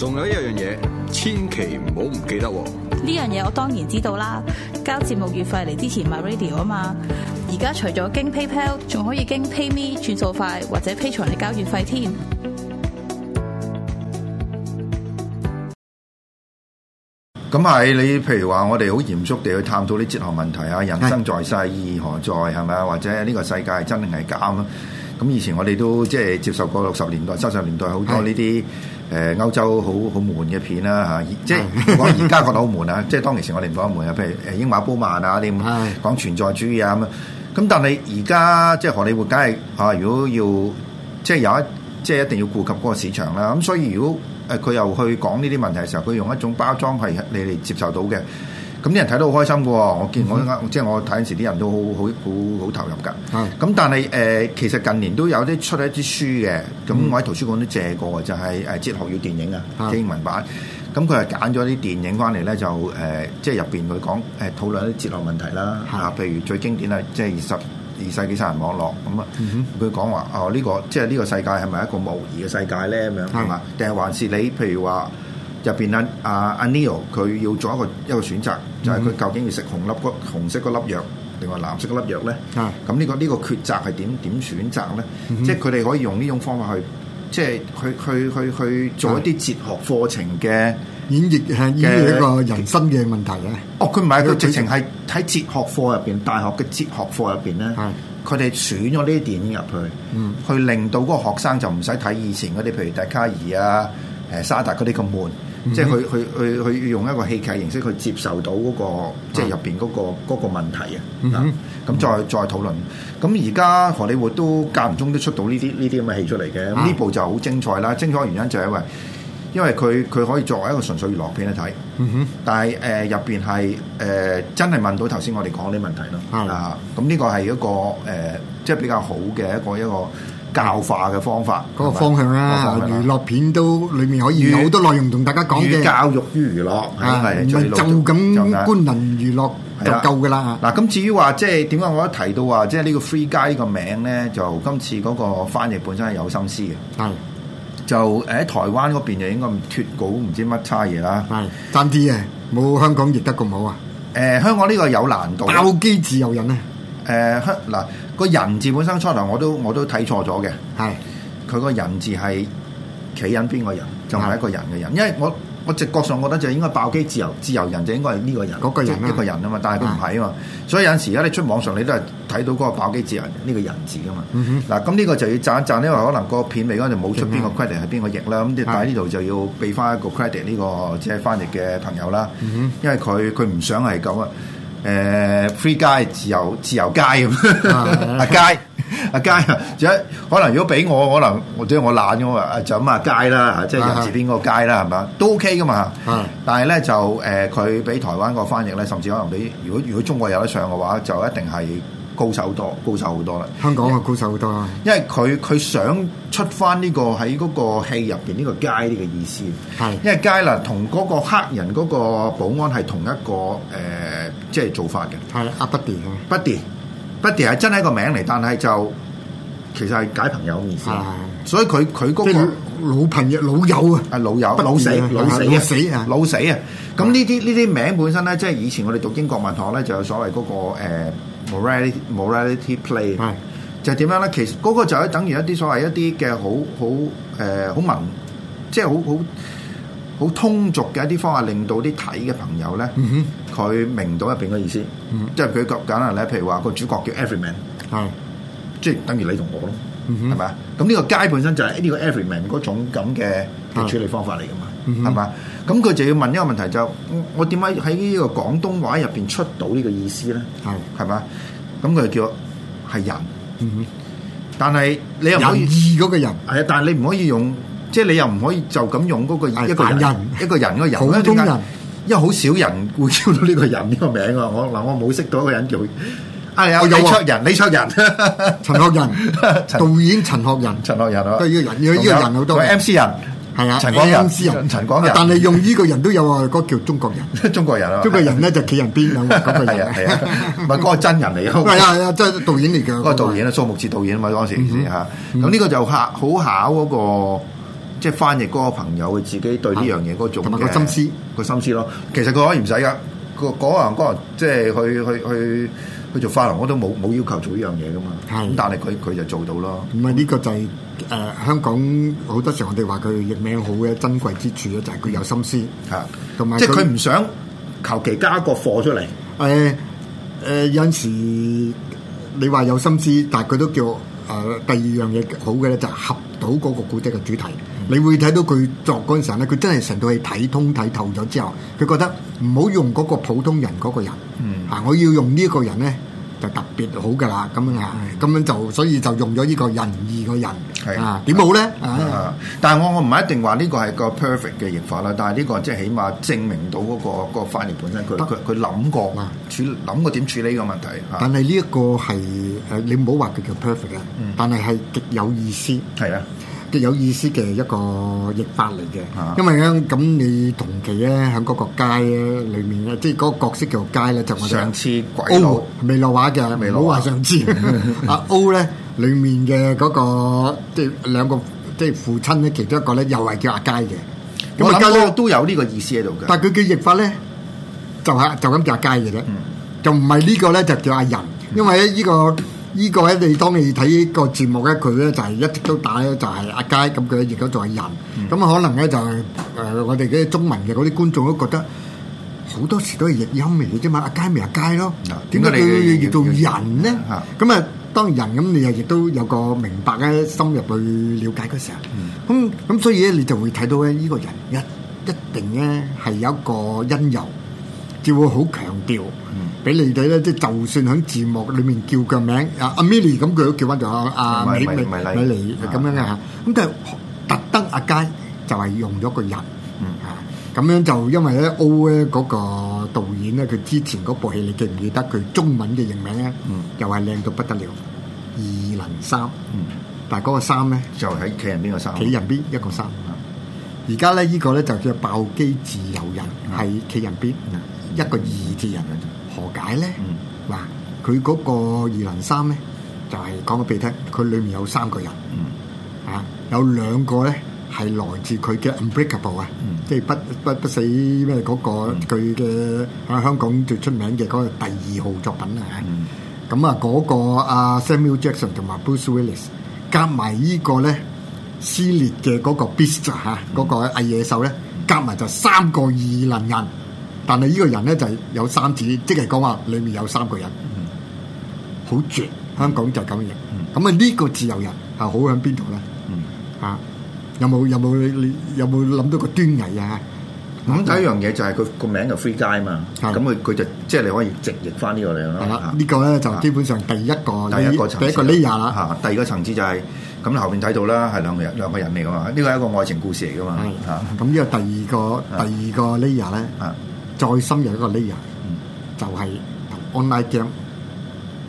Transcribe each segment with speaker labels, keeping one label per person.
Speaker 1: 仲有一樣嘢，千祈唔好唔記得喎！呢樣嘢我當然知道啦，交節目月費嚟之前 MyRadio 啊嘛！而家除咗經 PayPal，仲可以經 PayMe 轉數快，或者 Patreon 嚟交月費添。咁係你譬如話，我哋好嚴肅地去探討啲哲學問題啊，人生在世的意義何在係咪啊？或者呢個世界真定係假咁啊？咁以前我哋都即係接受過六十年代、七十年代好多呢啲。誒、呃、歐洲好好悶嘅片啦嚇，即係如果而家覺得好悶啊， 即係當其時我哋唔悶啊，譬如誒英瑪褒曼啊啲講存在主義啊咁，咁、啊、但係而家即係荷里活梗係嚇，如果要即係有一即係一定要顧及嗰個市場啦，咁、啊、所以如果誒佢、啊、又去講呢啲問題嘅時候，佢用一種包裝係你哋接受到嘅。咁啲人睇得好開心嘅喎、哦，我見我啱、嗯、哼即係我睇陣時啲人都好好好好投入㗎。咁、嗯、但係誒、呃，其實近年都有啲出一啲書嘅，咁我喺圖書館都借過就係、是、誒哲學與電影啊，英文版。咁佢係揀咗啲電影翻嚟咧，就誒、呃、即係入邊佢講誒討論一啲哲學問題啦。係、嗯、哼譬如最經典係即係二十二世紀殺人網絡咁啊。佢講話哦，呢、嗯哼呃這個即係呢個世界係咪一個模擬嘅世界咧？咁樣係嘛？定係還是你譬如話？入邊咧，阿阿尼歐佢要做一個一個選擇，就係佢究竟要食紅粒嗰紅色嗰粒藥，定話藍色嗰粒藥咧？咁呢個呢個抉擇係點點選擇咧？即係佢哋可以用呢種方法去，即係去去去去做一啲哲學課程嘅演繹嘅演繹一個人生嘅問題咧。哦，佢唔係，佢直情係喺哲學課入邊，大學嘅哲學課入邊咧，佢哋選咗呢啲電影入去，去令到嗰個學生就唔使睇以前嗰啲，譬如笛卡爾啊、誒沙特嗰啲咁悶。即係佢佢佢佢用一個戲劇形式去接受到嗰、嗰個即係入邊嗰個嗰、啊、個問題啊，咁再再討論。咁而家荷里活都間唔中都出到呢啲呢啲咁嘅戲出嚟嘅。咁呢、啊、部就好精彩啦！精彩嘅原因就係因為因為佢佢可以作為一個純粹娛樂片嚟睇。哼、啊。但係誒入邊係誒真係問到頭先我哋講啲問題咯。啊，啊。咁呢個係一個誒即係比較好嘅一個一個。一個一個教化嘅方法，嗰個方向啦。娛樂
Speaker 2: 片都裏面可以有好多內容同大家講嘅。於教
Speaker 1: 育於娛樂，啊，就咁官
Speaker 2: 能娛樂
Speaker 1: 就夠㗎啦，嗱，咁至於話即係點解我一提到話即係呢個 Free Guy 呢個名咧，就今次嗰個翻譯本身係有心思嘅。係。就誒喺台灣嗰邊就應該唔脱稿唔知乜差嘢啦。係。爭啲啊！冇香港譯得咁好啊！誒，香港呢個有難度。爆機自由仁啊！誒，嗱。個人字本身初頭，我都我都睇錯咗嘅。係佢個人字係企人邊個人，就係一個人嘅人。的因為我我直覺上覺得就應該爆機自由自由人就應該係呢個人個人、啊，一個人啦嘛。但係佢唔係啊嘛。的所以有陣時咧，你出網上你都係睇到嗰個爆機自由人呢、呢個人字個嘛。嗱、嗯哼，咁呢個就要讚一讚，因為可能個片尾嗰度冇出邊個 credit 係邊個譯啦。咁但係呢度就要俾翻一個 credit 呢、這個即係翻譯嘅朋友啦。嗯、哼因為佢佢唔想係咁啊。誒、uh, free 街自由自由街咁，阿街阿街，只可能如果俾我，可能我即係我懶咗嘛，就咁啊街啦，即、huh. 係人字邊嗰個街啦，係咪？都 OK 噶嘛，uh huh. 但係咧就誒，佢、呃、俾台灣個翻譯咧，甚至可能俾如果如果中國有得上嘅話，就一定係。高手多，高手好多啦。香港
Speaker 2: 嘅高手好多啦，因
Speaker 1: 為佢佢想出翻、這、呢個喺嗰個戲入邊呢個街呢個意思。係是，因為街啦同嗰個黑人嗰個保安係同一個誒，即、呃、係、就是、做法嘅。係阿 Buddy 嘅，Buddy，Buddy 係真係一個名嚟，但係就其實係解朋友意思。啊、所以佢佢嗰個是是
Speaker 2: 老朋友、老友
Speaker 1: 啊，係老友，老死、死老死啊，老死啊。咁呢啲呢啲名本身咧，即係以前我哋讀英國文學咧，就有所謂嗰、那個、呃 Morality Morality Play，係，就點樣咧？其實嗰個就係等於一啲所謂一啲嘅好好誒好文，即係好好好通俗嘅一啲方法，令到啲睇嘅朋友咧，佢明到入邊嘅意思。即係佢講緊啦，咧，譬如話個主角叫 Everyman，係即係等於你同我咯，係咪啊？咁呢個街本身就係呢個 Everyman 嗰種咁嘅嘅處理方法嚟噶嘛，係咪啊？咁佢就要問一個問題，就我點解喺呢個廣東話入邊出到呢個意思咧？係係嘛？咁佢就叫我係人。嗯，但係你又唔可以二嗰個人係啊，但係你唔可以用，即係你又唔可以就咁用嗰個一個人，一個人嗰個人。普通人，因為好少
Speaker 2: 人會叫到呢個人呢個名啊！我嗱，我冇識到一個人叫阿李卓人、李卓人、陳學仁、導演陳學仁、陳學仁啊！佢要人，呢個人好多 MC 人。係啊，陳光恩師又唔陳光人，但係用呢個人都有啊，嗰個叫中國人，中國人啊，中國人咧就企人邊啊，咁嘅人，係啊係啊，嗰個真人嚟嘅，唔係啊係啊，即係導
Speaker 1: 演嚟嘅，嗰個導演啊，蘇木志導演啊嘛當時嚇，咁呢個就考好巧。嗰個即係翻譯嗰個朋友佢自己對呢樣嘢嗰個做同心思佢心思咯，其實佢可以唔使㗎，嗰嗰人嗰人即係去去去。佢做花廊我都冇冇要求做呢樣嘢㗎嘛，咁是但
Speaker 2: 係佢佢就做到咯。唔係呢個就係、是、誒、呃、香港好多時我哋話佢譯名好嘅珍貴之處咧，就係佢有心思嚇，同埋、嗯、即係佢唔想求其加一個貨出嚟。誒誒、呃呃、有陣時你話有心思，但係佢都叫誒、呃、第二樣嘢好嘅咧，就係合到嗰個古跡嘅主題。你會睇到佢作嗰陣時咧，佢真係成套戲睇通睇透咗之後，佢覺得唔好用嗰個普通人嗰個人，嚇、嗯啊、我要用呢一個人咧就特別好噶啦咁樣啊，咁樣就所以就用咗、啊是啊、呢個仁義嘅人啊點好咧，
Speaker 1: 但係我我唔係一定話呢個係個 perfect 嘅譯法啦，但係呢個即係起碼證明到嗰、嗰個嗰、嗰個翻譯本身佢佢佢諗過啊處諗過點處理呢個問題、啊、
Speaker 2: 但係呢一個係誒你唔好話佢叫 perfect 啦，但係係極有意思係、嗯、啊。嘅有意思嘅一個譯法嚟嘅，因為咧咁你同期咧喺嗰個街裏面咧，即係嗰個角色叫做街咧，就我哋上次鬼佬未落畫嘅，唔好話上次阿 O 咧，裡面嘅嗰個即係兩個即係父親咧，其中一個咧又係叫阿佳嘅。我諗
Speaker 1: 都有呢個意思喺
Speaker 2: 度嘅，但係佢嘅譯法咧就係就咁叫阿佳嘅啫，就唔係呢個咧就叫阿仁，因為咧呢個。呢、這個咧，你當你睇個節目咧，佢咧就係一直都打咧，就係、是、阿佳咁，佢亦都仲係人。咁、嗯、可能咧就誒、是呃，我哋啲中文嘅嗰啲觀眾都覺得好多時都係譯音嚟嘅啫嘛，阿佳咪阿佳咯。點解佢要叫做人咧？咁啊，當人咁，你又亦都有個明白咧，深入去了解嗰時候，咁咁、嗯嗯、所以咧，你就會睇到咧，依、這個人一一定咧係有一個因由。就會好強調，俾、嗯、你哋咧，即係就算喺字幕裏面叫個名，啊、阿阿 Milly 咁佢都叫翻咗阿阿 Milly 咁樣嘅嚇。咁但係特登阿佳就係用咗個人，嗯、啊咁樣就因為咧 O 咧嗰個導演咧，佢之前嗰部戲你記唔記得佢中文嘅譯名咧？嗯、又係靚到不得了。二零三，嗯，但係嗰個三咧就喺企人邊個三？企人邊一個三。而家咧呢個咧就叫爆機自由人，係企、嗯、人邊。嗯嗯嗯一個異質人咁，何解咧？話佢嗰個二零三咧，就係講畀你聽，佢裏面有三個人，啊，有兩個咧係來自佢嘅 Unbreakable 啊，即係不不不死咩嗰個佢嘅喺香港最出名嘅嗰個第二號作品啊，咁啊嗰個阿 Samuel Jackson 同埋 Bruce Willis，加埋依個咧撕裂嘅嗰個 beast 啊，嗰個阿野獸咧，加埋就三個異能人。但係呢個人咧就係有三子，即係講話裏面有三個人，好絕。香港就咁嘅，咁啊呢個自由人係好喺邊度咧？啊，有冇有冇你有冇諗到個端倪啊？
Speaker 1: 咁第一樣嘢就係佢個名就 Free Guy 嘛，咁佢佢就即係你可以直譯翻呢個嚟咯。係啦，呢個咧就基
Speaker 2: 本上第一個
Speaker 1: 第一個層次啦。嚇，第二個層次就係咁後邊睇到啦，係兩個人兩個人嚟噶嘛，呢個係一個愛情故事嚟噶嘛。
Speaker 2: 嚇，咁呢個第二個第二個 layer 咧再深入一個 layer、嗯、就係 online game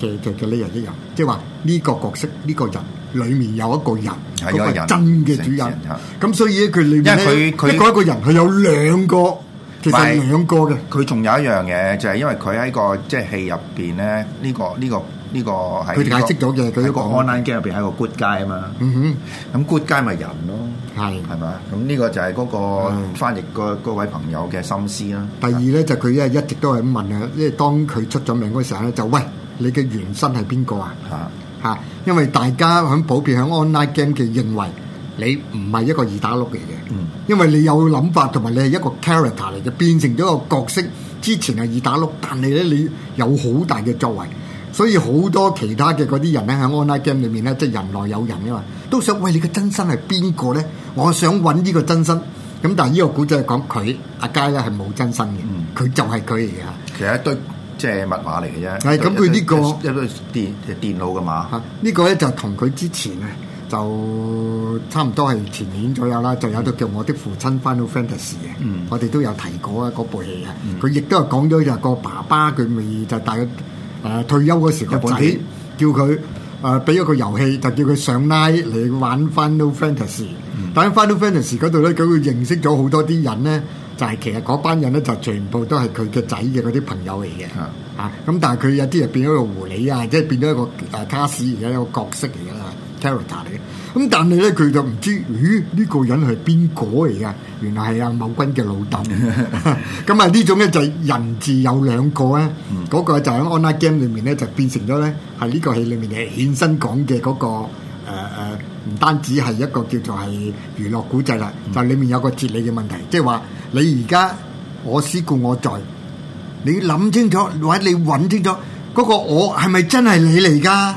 Speaker 2: 嘅嘅嘅 layer 一樣，即係話呢個角色呢、這個人裏面有一個人，嗰個真嘅主人。咁所以咧佢裏面咧佢一個人，佢有兩個。其實兩個嘅，佢
Speaker 1: 仲有一樣嘢就係、是、因為佢喺個即係戲入邊咧，呢、這個呢、這個呢、這個係。佢解釋到嘅，佢喺個 online game 入邊係一個 good guy 啊嘛。
Speaker 2: 嗯、
Speaker 1: 哼，咁 good guy 咪人咯。係咪是？嘛？咁呢個就係嗰個翻譯嗰、嗯、位朋友嘅心思啦。
Speaker 2: 第二咧就佢、是、一一直都係咁問因為你啊，即係當佢出咗名嗰時候咧，就喂你嘅原身係邊個啊？嚇嚇，因為大家響普遍響 online game 嘅認為。你唔係一個二打六嚟嘅，因為你有諗法，同埋你係一個 character 嚟嘅，變成咗一個角色。之前係二打六，但係咧你有好大嘅作為，所以好多其他嘅嗰啲人咧喺 online game 裏面咧，即係人來有人嘅嘛，都想喂，你嘅真身係邊個咧？我想揾呢個真身。咁但係呢個古仔係講佢阿佳咧係冇真身嘅，佢、嗯、就係佢嚟嘅。
Speaker 1: 其實一堆即係、就是、密碼嚟嘅啫。係咁對，佢呢對、呢個一電、呢個一電電腦
Speaker 2: 㗎嘛。吓，呢個咧就同佢之前咧。就差唔多係前年左右啦，就有度叫《我的父親》Final Fantasy 嘅、嗯，我哋都有提過啊，嗰部戲啊。佢、嗯、亦都係講咗日個爸爸未，佢咪就係大概退休嗰時、嗯、個仔叫佢誒俾一個遊戲，就叫佢上拉嚟玩 Final Fantasy、嗯。但喺 Final Fantasy 嗰度咧，佢會認識咗好多啲人咧，就係、是、其實嗰班人咧就全部都係佢嘅仔嘅嗰啲朋友嚟嘅啊。咁、嗯嗯嗯嗯、但係佢有啲又變咗個狐狸啊，即係變咗一個誒卡士而家一個角色嚟嘅啦。Taylor 查嚟嘅，咁但係咧佢就唔知，咦呢個人係邊個嚟噶？原來係阿某君嘅老豆。咁啊呢種咧就係人字有兩個咧，嗰個就喺 online game 裏面咧就變成咗咧，係呢個戲裏面嘅顯身講嘅嗰個誒誒，唔單止係一個叫做係娛樂古仔啦，就裏面有個哲理嘅問題，即係話你而家我思故我在，你諗清楚或者你揾清楚嗰個我係咪真係你嚟噶？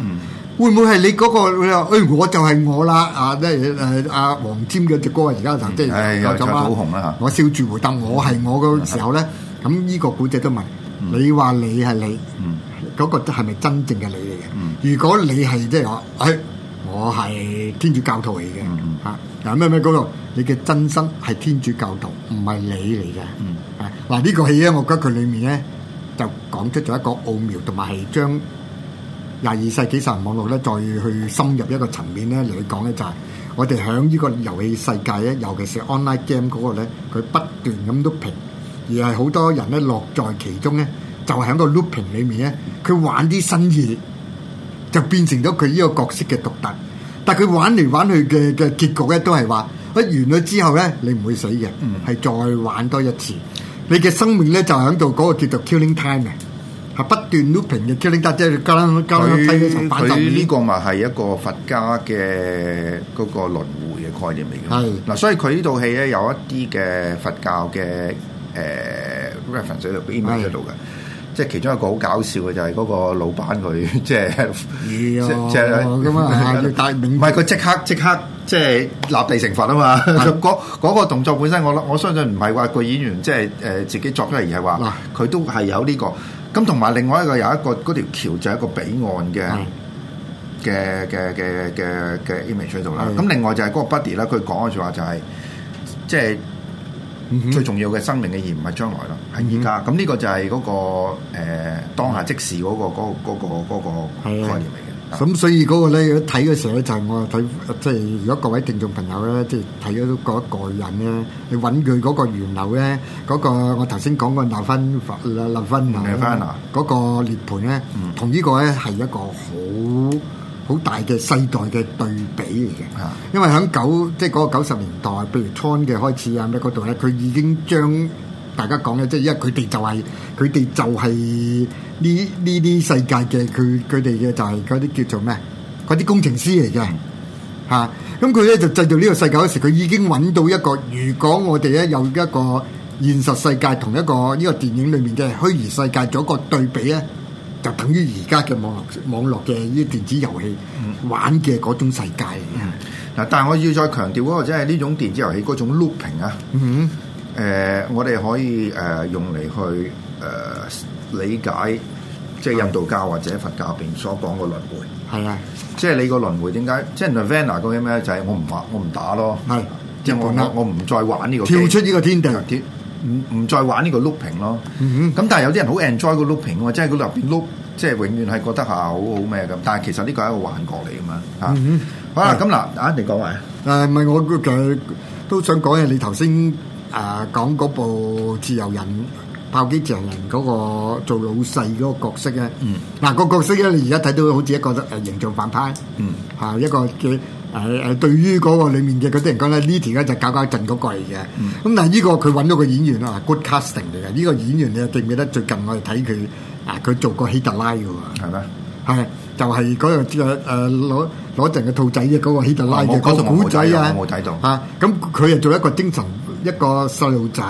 Speaker 2: 會唔會係你嗰、那個？哎，我就係我啦！啊，即係阿黃霑嘅隻歌就，而家即係又紅啦，我笑住，回答我係我嘅時候咧，咁、這、呢個古仔都問、嗯、你，你，你，話你係你，嗰個係咪真正嘅你嚟嘅？嗯、如果你係即係話，哎，我係天主教徒嚟嘅吓，嗯、啊咩咩嗰個，你嘅真身係天主教徒，唔係你嚟嘅。嗱呢、嗯啊這個戲咧，我覺得佢裏面咧就講出咗一個奧妙，同埋係將。廿二世紀殺人網絡咧，再去深入一個層面咧嚟講咧，就係、是、我哋喺呢個遊戲世界咧，尤其是 online game 嗰、那個咧，佢不斷咁 looping，而係好多人咧樂在其中咧，就係喺個 looping 裡面咧，佢玩啲新嘢，就變成咗佢呢個角色嘅獨特。但佢玩嚟玩去嘅嘅結局咧，都係話，一完咗之後咧，你唔會死嘅，係、嗯、再玩多一次。你嘅生命咧就喺度嗰個叫做 killing time 嘅。係不斷都 looping 嘅，即係你家姐，家家家翻低層板凳，呢個
Speaker 1: 咪係一個佛家嘅嗰個輪迴嘅概念嚟嘅。係嗱的，所以佢呢套戲咧有一啲嘅佛教嘅誒 reference 喺度嘅。即、呃、係的其中一個好搞笑嘅就係嗰個老闆佢，即係即係
Speaker 2: 咁啊！大是、啊、
Speaker 1: 明唔係佢即刻即刻即係立地成佛啊嘛！嗰嗰的 個動作本身我，我我相信唔係話個演員即係誒自己作出嚟，而係話嗱，佢都係有呢、這個。咁同埋另外一個有一個條橋就係一個彼岸嘅嘅嘅嘅嘅嘅 image 喺度啦。咁另外就係個 buddy 咧，佢講嘅說話就係即係最重要嘅生命嘅意義唔係將來咯，係而家。咁呢、嗯、哼個就係、嗰個誒、呃、當下即時、嗰個、嗯哼嗰個、嗰個、嗰
Speaker 2: 個嗰個概念嚟。的咁所以嗰個咧，睇嘅時候咧，就係、是、我睇，即係如果各位聽眾朋友咧，即係睇咗嗰一個人咧，你揾佢嗰個源流咧，嗰個我頭先講個立分立立分啊，嗰個涅槃咧，同呢個咧係一個好好大嘅世代嘅對比嚟嘅，嗯、因為喺九即係嗰個九十年代，譬如初嘅開始啊咩嗰度咧，佢已經將。大家講嘅即係，因為佢哋就係佢哋就係呢呢啲世界嘅，佢佢哋嘅就係嗰啲叫做咩？嗰啲工程師嚟嘅嚇。咁佢咧就製造呢個世界嗰時，佢已經揾到一個。如果我哋咧有一個現實世界同一個呢個電影裏面嘅虛擬世界做一個對比咧，就等於而家嘅網絡網絡嘅呢啲電子遊戲玩嘅嗰種世界。嗱、嗯，嗯、但係我要再強調或者即係呢種電
Speaker 1: 子遊戲嗰種 looking 啊。嗯誒，我哋可以誒用嚟去誒理解，即係印度教或者佛教入邊所講嘅輪迴。係啊，即係你個輪迴點解？即係 Nirvana 講嘅咩？就係我唔玩，我唔打咯。係，即係我我唔再玩呢個。跳出呢個天地，唔唔再玩呢個 looping 咯。咁但係有啲人好 enjoy 個 looping 喎，即係佢入邊 loop，即係永遠係覺得嚇好好咩咁。但係其實呢
Speaker 2: 個係一個幻覺嚟㗎嘛。嚇，好啦，咁嗱，阿 Andy 講埋。誒，唔係我佢都想講嘢，你頭先。誒，講嗰部《自由人》爆機自由仁嗰個做老細嗰個角色咧，嗱、mm. 啊嗰個角色咧，你而家睇到好似一個誒、啊、形象反派，嚇、mm. 啊、一個嘅誒誒對於嗰個裡面嘅嗰啲人講咧，Lily 咧就搞搞震嗰個嚟嘅。咁、mm. 但係呢個佢揾到個演員、mm. 啊，good casting 嚟嘅。呢、嗯這個、個演員你記唔記得？最近我哋睇佢啊，佢做過希特拉嘅喎。係咩？係、mm. 就係嗰個攞攞陣嘅兔仔嘅嗰個希特拉嘅個古仔啊！冇、啊、睇到嚇，咁佢係做一個精神。一個細路仔，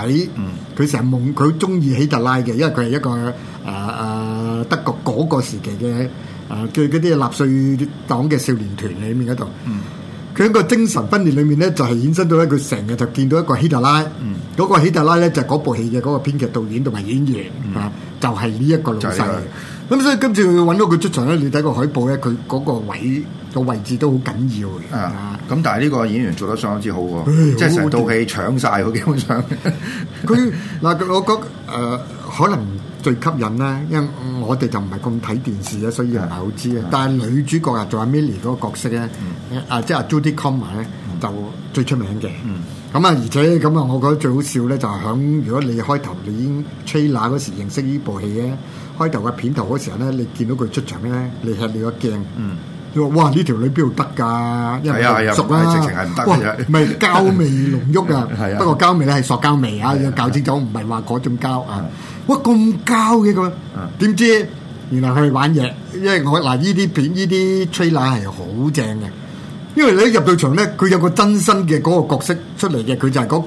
Speaker 2: 佢成日夢，佢好中意希特拉嘅，因為佢係一個誒誒、呃、德國嗰個時期嘅誒，即係嗰啲納粹黨嘅少年團裏面嗰度。嗯佢喺個精神分裂裏面咧，就係、是、衍生到咧佢成日就見到一個希特拉。嗰、嗯、個希特拉咧，就係嗰部戲嘅嗰個編劇、導演同埋演員、嗯、啊，就係呢一個老細。咁、這個啊、所以今次佢揾到佢出場咧，你睇個海報咧，佢嗰個位個位置都好緊要嘅。啊，咁、啊、但係呢個演員做得相當之好喎，唉即係成套
Speaker 1: 戲我搶晒。佢基本上。
Speaker 2: 佢 嗱、啊、我覺誒、呃、可能。最吸引咧，因為我哋就唔係咁睇電視啊，所以唔係好知啊。但係女主角啊，仲阿 Milly 嗰個角色咧，啊即係 Jodie Comer 咧，就最出名嘅。咁啊，而且咁啊，我覺得最好笑咧，就係響如果你開頭你已經 trailer 嗰時認識呢部戲咧，開頭嘅片頭嗰時候咧，你見到佢出場咧，你翕你個鏡，你話哇呢條女邊度得㗎？因為熟啦，直情係唔得，唔係膠味濃郁啊。不過膠味咧係塑膠味啊，要搞清楚唔係話嗰種膠啊。哇咁膠嘅，咁，點知原來係玩嘢，因為我嗱呢啲片呢啲吹奶係好正嘅，因為你一入到場咧，佢有個真身嘅嗰個角色出嚟嘅，佢就係嗰、嗰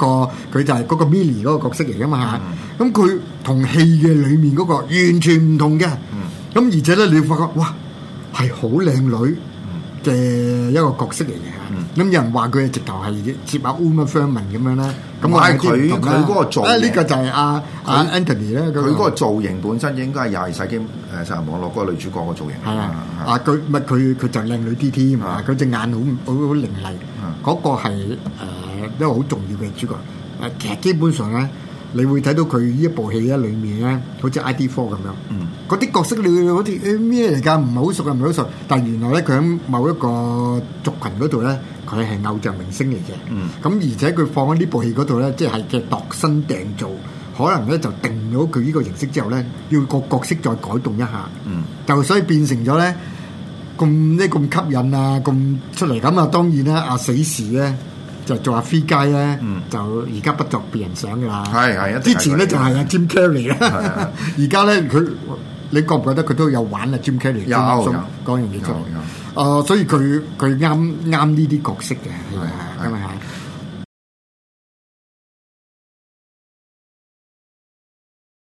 Speaker 2: 個佢就係嗰個 Millie 嗰個角色嚟噶嘛，咁佢同戲嘅裡面嗰個完全唔同嘅，咁、嗯、而且咧你會發覺哇係好靚女嘅一個角色嚟嘅。嗯嗯咁有人話佢係直頭係接 Uma Thurman 咁樣咧，咁我係同佢嗰個嘴，誒呢、啊呢個就係阿 Anthony 咧，佢嗰個
Speaker 1: 造型本身應該係廿二世紀誒殺人網絡嗰個女主角個造型，
Speaker 2: 係啊，啊佢唔係佢佢就靚女啲添啊，佢隻眼好好好凌厲，嗰、啊、個係一個好重要嘅主角，誒其實基本上咧。你會睇到佢呢一部戲咧，裡面咧，好似 ID Four 咁樣，嗰啲、嗯、角色你好似咩嚟㗎？唔係好熟，唔係好熟。但原來咧，佢喺某一個族群嗰度咧，佢係偶像明星嚟嘅。咁、嗯、而且佢放喺呢部戲嗰度咧，即係嘅度身訂造，可能咧就定咗佢呢個形式之後咧，要個角色再改動一下。嗯、就所以變成咗咧，咁呢咁吸引啊，咁出嚟咁啊，當然啦，阿死侍咧。就做下飛雞咧，就而家不作別人想㗎啦。係係，之前咧就係阿 Jim Carrey 啦。而家咧佢，你覺唔覺得佢都有玩阿 Jim Carrey 中唔中講嘢？誒，所以佢佢啱啱呢啲角色嘅，係啊，咁啊嚇。